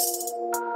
Música